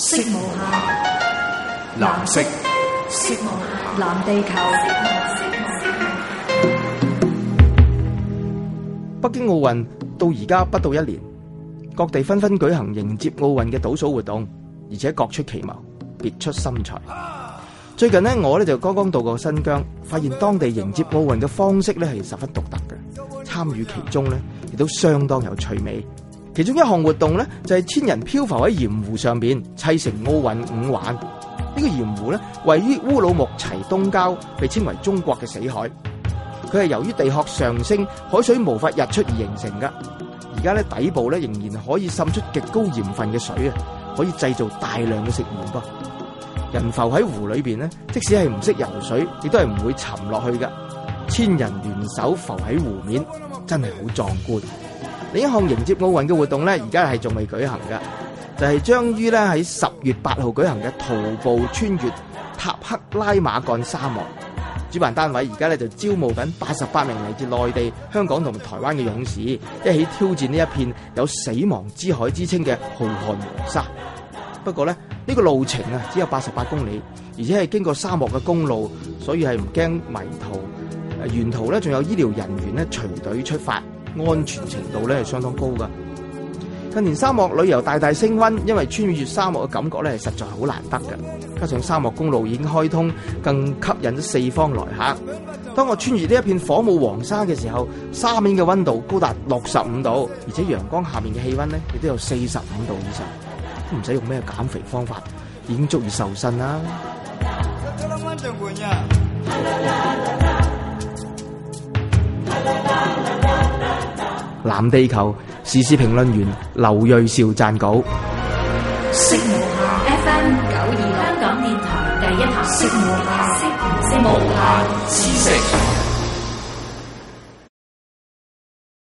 色無下，藍色，藍地球。北京奧運到而家不到一年，各地紛紛舉行迎接奧運嘅倒數活動，而且各出奇謀，別出心裁。最近呢，我咧就剛剛到過新疆，發現當地迎接奧運嘅方式咧係十分獨特嘅，參與其中咧亦都相當有趣味。其中一項活動咧，就係千人漂浮喺鹽湖上面，砌成奧運五環。呢個鹽湖咧，位於烏魯木齊東郊，被稱為中國嘅死海。佢係由於地殼上升，海水無法溢出而形成噶。而家咧，底部咧仍然可以滲出極高鹽分嘅水啊，可以製造大量嘅食鹽噃。人浮喺湖裏邊咧，即使係唔識游水，亦都係唔會沉落去噶。千人聯手浮喺湖面，真係好壯觀。另一項迎接奧運嘅活動咧，而家係仲未舉行嘅就係將於咧喺十月八號舉行嘅徒步穿越塔克拉瑪干沙漠。主辦單位而家咧就招募緊八十八名嚟自內地、香港同台灣嘅勇士，一起挑戰呢一片有死亡之海之稱嘅浩瀚黃沙。不過咧，呢個路程啊只有八十八公里，而且係經過沙漠嘅公路，所以係唔驚迷途。沿途咧仲有醫療人員咧隨隊出發。安全程度咧，係相當高噶。近年沙漠旅遊大大升温，因為穿越沙漠嘅感覺咧實在好難得噶。加上沙漠公路已經開通，更吸引咗四方來客。當我穿越呢一片火舞黃沙嘅時候，沙面嘅温度高達六十五度，而且陽光下面嘅氣溫咧亦都有四十五度以上，都唔使用咩減肥方法，已經足以瘦身啦。藍地球時事評論員劉銳紹撰稿。